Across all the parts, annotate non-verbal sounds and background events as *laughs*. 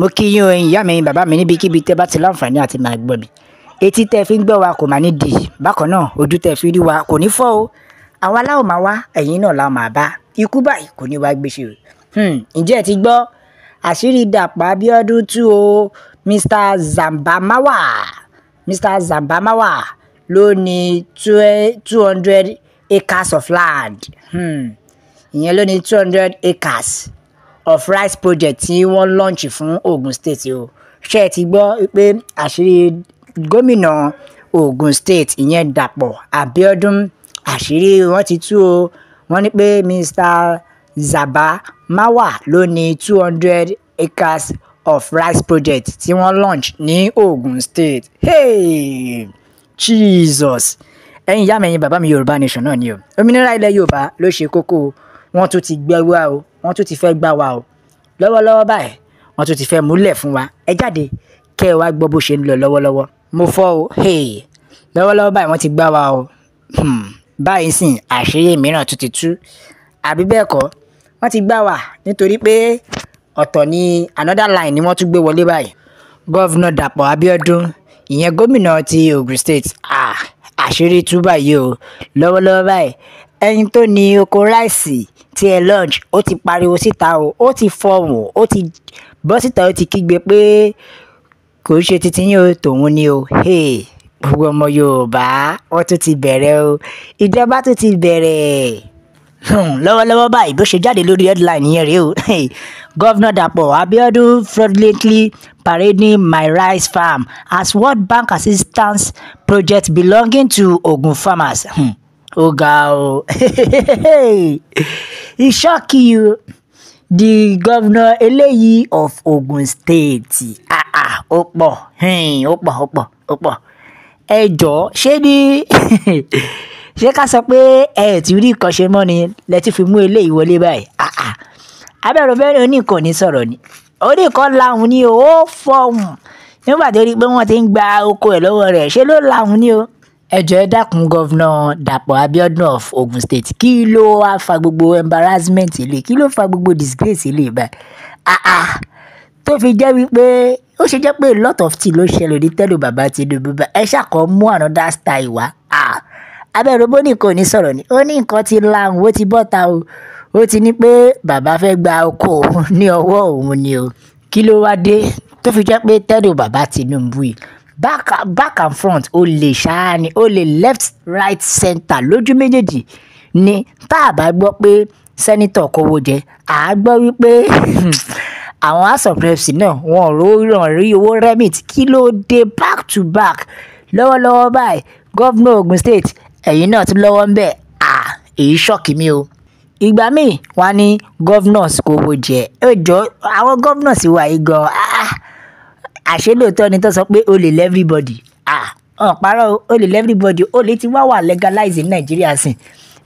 mo kí yín o ìyá mi bàbá mi níbikíbi tẹ́ bá ti láǹfààní àti máa gbọ́ mi etí tẹ́ fi ń gbọ́ wa kò máa ní di bákan náà ojú tẹ́ fi rí wa kò ní fọ́ o àwa láwọn máa wá ẹ̀yin náà láwọn máa bá ikú báyìí kò ní wá gbèsè o hmm, ǹjẹ́ ẹ ti gbọ́ àṣírí Dàpọ̀ Abíọ́dún tú o Mr Zambamawa Mr Zambamawa ló ní two hundred acres of land hmm, ìyẹn ló ní two hundred acres of rice project tí wọ́n launch fún Ogun State o ṣé ẹ ti gbọ́ pé àṣírí gómìnà Ogun State ìyẹn Dàpọ̀ Abíọ́dún àṣírí wọn ti tú o wọ́n ní pé Mr Zaba Mawa ló ní two hundred acres of rice project tí wọ́n launch ní Ogun State hey Jesus ẹ̀yin ìyá mi ẹ̀yin bàbá mi Yorùbá nation náà ni o òmìnira ilẹ̀ Yorùbá ló ṣe kókó o wọ́n tún ti gbẹ́ wá o wọ́n tún ti fẹ́ gbá wa o lọ́wọ́lọ́wọ́ báyìí wọ́n tún ti fẹ́ múlẹ̀ fún wa ẹ jáde kẹ́ ẹ wá gbọ́ bó ṣe ń lọ lọ́wọ́lọ́wọ́ mo fọ́ o hey lọ́wọ́lọ́wọ́ báyìí wọ́n ti gbá wa o hmm báyìí sìn àṣírí mìíràn tún ti tú àbí bẹ́ẹ̀ kọ́ wọ́n ti gbá wa nítorí pé ọ̀tọ̀ ni another line ni wọ́n tún gbé wọlé báyìí gọ́vnà Dàpọ̀ Abíọ́dún ìyẹn gómìnà ti Ògùn state ah àṣírí tú báyìí o lọ́wọ́lọ́wọ́ báyìí ẹni tó ní oko ráìsì tiẹ̀ lunch ó ti pariwo síta o ó ti fọhùn ó ti bọ́ síta ó ti kígbe pé kò ń ṣe titi yín o tòun ni o gbogbo ọmọ yorùbá wọ́n tún ti bẹ̀rẹ̀ o ìjọba tún ti bẹ̀rẹ̀ hmm, lọ́wọ́lọ́wọ́ báyìí bó ṣe jáde lórí headline yẹn rèé o gọ́vnà dàpọ̀ abiodun fraudulently parading my rice farm as world bank assistance project belonging to ogun farmers. Hmm. ó ga o *laughs* e shock you the governor eléyìí of Ogun State ah ah ó pọ̀ ó pọ̀ ó pọ̀ ó pọ̀ ẹ jọ̀ọ́ ṣé ní *laughs* ṣé ká sọ pé ẹ ti rí nǹkan ṣe mọ́ ni lẹ ti fi mú eléyìí wọlé báyìí ah ah abẹ́rẹ́ bẹ́ẹ̀ ni oníkan ní sọ̀rọ̀ ni oníkan làwọn ni ó fọ̀hún nígbà tó rí i pé wọ́n ti ń gba oko ẹ̀ lọ́wọ́ rẹ̀ ṣé ló làwọn ni o ẹ jọ̀ọ́ ẹ dákun gọ́vnà dàpọ̀ abiodun of ogun state kí ló wá fa gbogbo embarrassment ilé kí ló fa gbogbo disgrace ilé báyìí ah ah tó fi jẹ́ wípé ó ṣe jẹ́ pé a lot of tea ló ṣẹlẹ̀ ní tẹ́lẹ̀ bàbá Tinubu bá ẹ ṣàkọ́ mú another style wá ah abẹ́rẹ́ bó ní kò ní sọ̀rọ̀ ni ó ní nǹkan ti la òun ó ti bọ́ta o ó ti ní pé bàbá fẹ́ gba oko òun ní ọwọ́ òun ni o kí ló wá dé tó fi jẹ́ pé tẹ́lẹ̀ bàbá Tinubu yìí back back and front ó lè ṣáá ni ó left right center lójú méjèèjì ni tá a bá gbọ́ pé sẹ́nitọ̀ kówó jẹ à á gbọ́ wípé *laughs* àwọn house of reps náà wọn ò rí owó remit kí ló dé back to back lọ́wọ́lọ́wọ́ báyìí gọ́vnà Ògùn state ẹ̀yìn náà tún lọ́wọ́ ń bẹ̀ à èyí ṣọ́ọ̀kì mi o ìgbà míì wá ní gọ́vnà kówó jẹ ẹjọ́ àwọn gọ́vnà sì wà yìí gan-an ah, ah àṣé lóòótọ́ ni tó sọ pé olè lẹ́fíríbọ̀dì ọ̀n parọ́ olè lẹ́fíríbọ̀dì olè ti wá wà legalize ní nàìjíríà sìn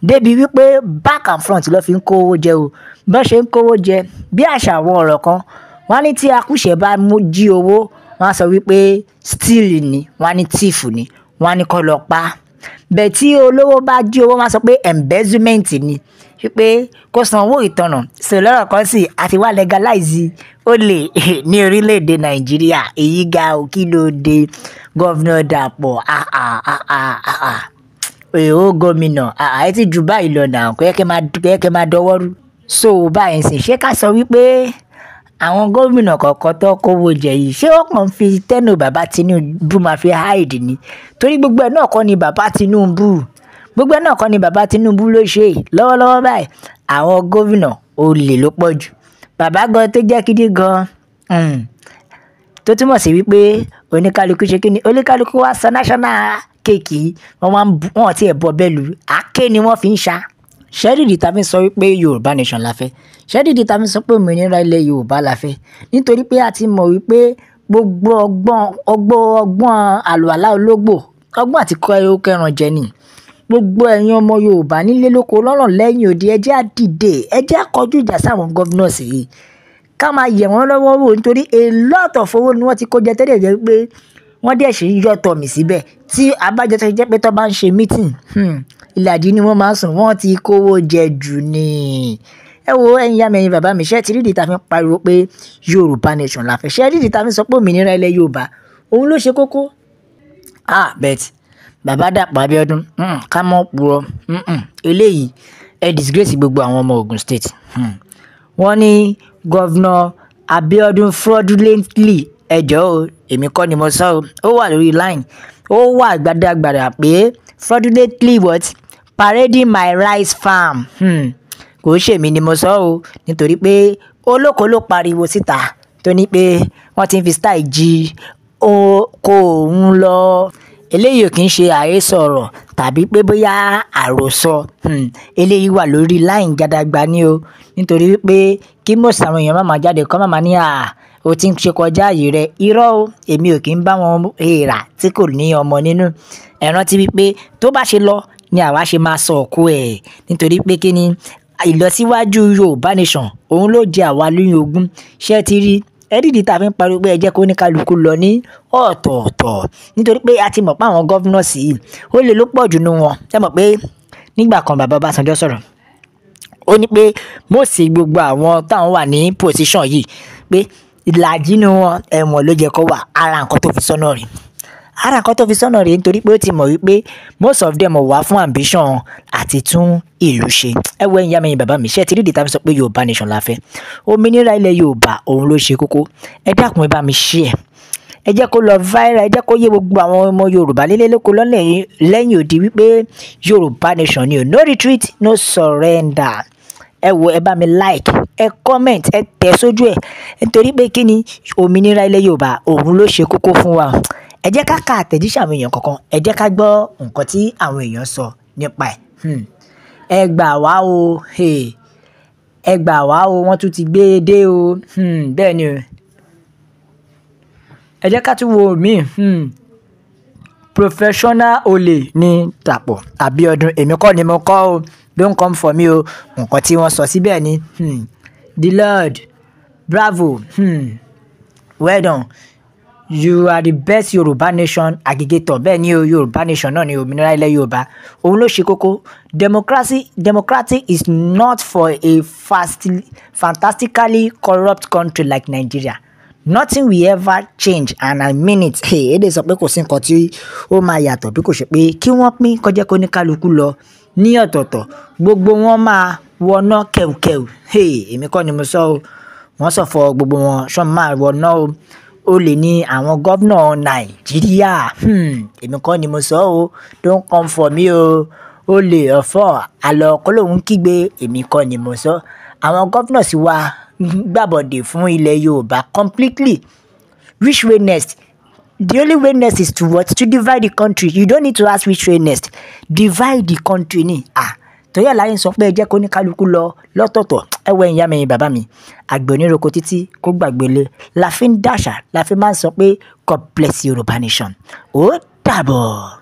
débi wípé back and front ló fi ń kówó jẹ o bó ṣe ń kówó jẹ bí àṣà àwọn ọ̀rọ̀ kan wọ́n ní tí akúṣẹ̀ bá mú jí owó wọ́n sọ wípé steal ni wọ́n ní thief ni wọ́n á ní kó lọ pa á bẹ́ẹ̀ tí olówó bá jí owó máa sọ pé embezzlement ni wípé kó sanwó ìtanràn sọ lọ́rọ̀ kan sì àti wá legalize olè *laughs* ní orílẹ̀-èdè nàìjíríà èyí ga ò kí ló dé gọ́vnà dàpọ̀ èèwọ̀ gómìnà àyè ti jù báyìí lọ nà kó yẹ kẹ́ máa dọwọ́rú so báyìí sì ṣé ká sọ wípé àwọn gómìnà kọ̀ọ̀kan tó kówó jẹ yìí ṣé wọ́n kàn fi tẹ́nu bàbá Tinubu máa fi hide ni torí gbogbo ẹ̀ náà kọ́ ni bàbá Tinubu gbogbo ẹ̀ náà kọ́ ni bàbá Tinubu ló ṣe lọ́wọ́lọ́wọ́ báyìí àwọn gómìnà olè ló pọ̀ jù bàbá gan tó jẹ́ kídí gan hmm, tó túmọ̀ sí wípé oníkálukú ṣe kíni oníkálukú wá san national kéèkì wọn ti ẹ̀ bọ bẹ́ẹ̀ lù àáké ni wọ́n fi ń ṣá ṣẹ́dìdì tá a fi sọ wípé yorùbá nation la fẹ́ ṣẹ́dìdì tá a fi sọ pé òmìnira ilẹ̀ yorùbá la fẹ́ nítorí pé a ti mọ̀ wípé gbogbo ọgbọ́n ọgbọ́n ọgbọ́n àlùalá ológbò ọgbọ́n àti kẹran jẹ ni gbogbo ẹ̀yin ọmọ yorùbá nílé lóko lọ́rọ̀ lẹ́yìn òde ẹ jẹ́ á dìde ẹ jẹ́ á ìjà sáwọn governors yìí ká máa yẹ̀ wọ́n lọ́wọ́ wò nítorí a lot of owó ni wọ́n ti kó jẹ tẹ́lẹ̀ jẹ́ pé wọ́n dẹ̀ ṣe ń yọ̀tọ̀ mí síbẹ̀ tí abájọ jẹ́ pé tó bá ń ṣe meeting hmm, ìlàjì ni wọ́n máa sùn wọ́n ti kówó jẹ jù ni ẹ wo ẹ̀yin yá mi ẹ̀yin bàbá mi ṣé ti rídìí ta fi pariwo pé Yorùbá nation la fẹ́ ṣé rídìí ta fi sọ pé òmìnira ilẹ̀ Yorùbá òun ló ṣe kókó ah bet bàbá Dàpọ̀ Abíọ́dún hmm, ká mọ̀ purọ́ hmm, eléyìí ẹ disgrace gbogbo àwọn ọmọ Ogun State hmm. wọ́n ní gọ́vnọ̀ Abíọ́dún fraudulently ẹjọ́ o èmi kọ́ ni mo sọ ó wà lórí line ó wà gbadagbada pé fraudulently what parading my rice farm Hmm. kò ṣèmi ni mo sọ ọ́ nítorí pé olóko ló pariwo síta tó ní pé wọ́n ti ń fi style jí oko òun lọ eléyìí ò kì í ṣe àhesọ ọ̀rọ̀ tàbí pé bóyá àròsọ hmm. eléyìí wà lórí láì gàdàgbà ni o nítorí wípé kí mò sàwọn èèyàn má máa jáde kọ́ má máa ní à o ti ń ṣe kọjá àyè rẹ irọ́ o èmi ò kì í bá wọn èèrà tí kò ní ọmọ nínú ẹ̀rántí wípé tó bá ṣe lọ ni àwa ṣe máa sọ òkú ẹ̀ nítorí pé kí ni ìlọsíwájú yorùbá nation òun ló jẹ àwa lóyún ogún ṣé ti rí ẹdídì tá a fi ń pariwo pé ẹ jẹ́ kó ní kálukú lọ ní ọ̀tọ̀ọ̀tọ̀ nítorí pé a ti mọ̀ pé àwọn gọ́fúnọ̀sì yìí ó lè ló pọ̀ jù nù wọn ẹ mọ̀ pé nígbà kan bàbá Ọbásanjọ́ sọ̀rọ̀ ó ní pé mọ̀ọ́sì gbogbo àwọn táwọn wà ní pòsíṣàn yìí pé ìlàjì nù wọn ẹ̀wọ̀n ló jẹ́ kó wà ara nǹkan tó fi sọ́nà rìn ara kan tó fi sọ́nà rèé nítorí pé ó ti mọ̀ wípé most of them wà fún ambition àti tún ìlú ṣe ẹ wo ẹ̀yin yá mẹyìn bàbá mi ṣe ti rí ìdí tá a fi sọ pé yorùbá nation la fẹ́ òmìnira ilẹ̀ yorùbá òun ló ṣe kókó ẹ dákun bá mi ṣí ẹ ẹ jẹ́ kó lọ viral ẹ jẹ́ kó yé gbogbo àwọn ọmọ yorùbá lélẹ́lẹ́kọ lọ́lẹ̀ lẹ́yìn òdì wípé yorùbá nation ni o no retreat no surrender ẹ wo ẹ bá mi like ẹ comment ẹ tẹ̀ sójú ẹ nítorí pé kí ni òmìnira ilẹ̀ yorùbá òun ló ṣe kókó fún wa ẹ jẹ́ ká ka àtẹ̀jíṣẹ́ àwọn èèyàn kọ̀ọ̀kan ẹ jẹ́ ká gbọ́ nǹkan tí àwọn èèyàn sọ nípa ẹ̀ hmm. ẹ gbà wá o ẹ gbà wá o wọ́n tún ti gbé e dé o hmm. bẹ́ẹ̀ ni ẹ jẹ́ ká tún wo míì hmm. professional olè ní tàpọ̀ àbíọdún èmi kọ́ ni mo kọ́ o don't come for me o nǹkan tí wọ́n sọ síbẹ̀ ni the lord bravo hmm. well done you are the best yorùbá nation aggregator bẹ́ẹ̀ ni o yorùbá nation náà ni òmìnira ilẹ̀ yorùbá òun ló ṣe kókó democracy democratic is not for a fast, fantastically corrupt country like nigeria nothing will ever change and i mean it èdè sọ pé kò sí nǹkan tí ó máa yàtọ̀ bí kò ṣe pé kí wọ́n pín kọjá kó ní kálukú lọ ní ọ̀tọ̀ọ̀tọ̀ gbogbo wọn máa wọná kẹ̀wùkẹ̀wù èmi kọ́ ni mo sọ wọ́n sọ fọ gbogbo wọn ṣọ́n máa wọná o olè ni àwọn gómìnà nàìjíríà um èmi kọ́ ni mo sọ ọ́ don't come for me o olè ọ̀fọ̀ àlọ́ kólóhùn kígbe èmi kọ́ ni mo sọ àwọn gómìnà sì wá gbàbọ̀dè fún ilẹ̀ yorùbá completely which way next the only way next is to what to divide the country you don't need to ask which way next divide the country ni ah torí ẹ̀ láyé ń sọ pé ẹ jẹ́ kó ní kálukú lọ lọ́tọ̀ọ̀tọ̀ ẹwẹ́ ìyá mi bàbá mi àgbẹ̀ oníroko títí kó gbàgbé lé la fi ń dàṣà la fi máa ń sọ pé God bless Yorùbá nation ó dàbọ̀.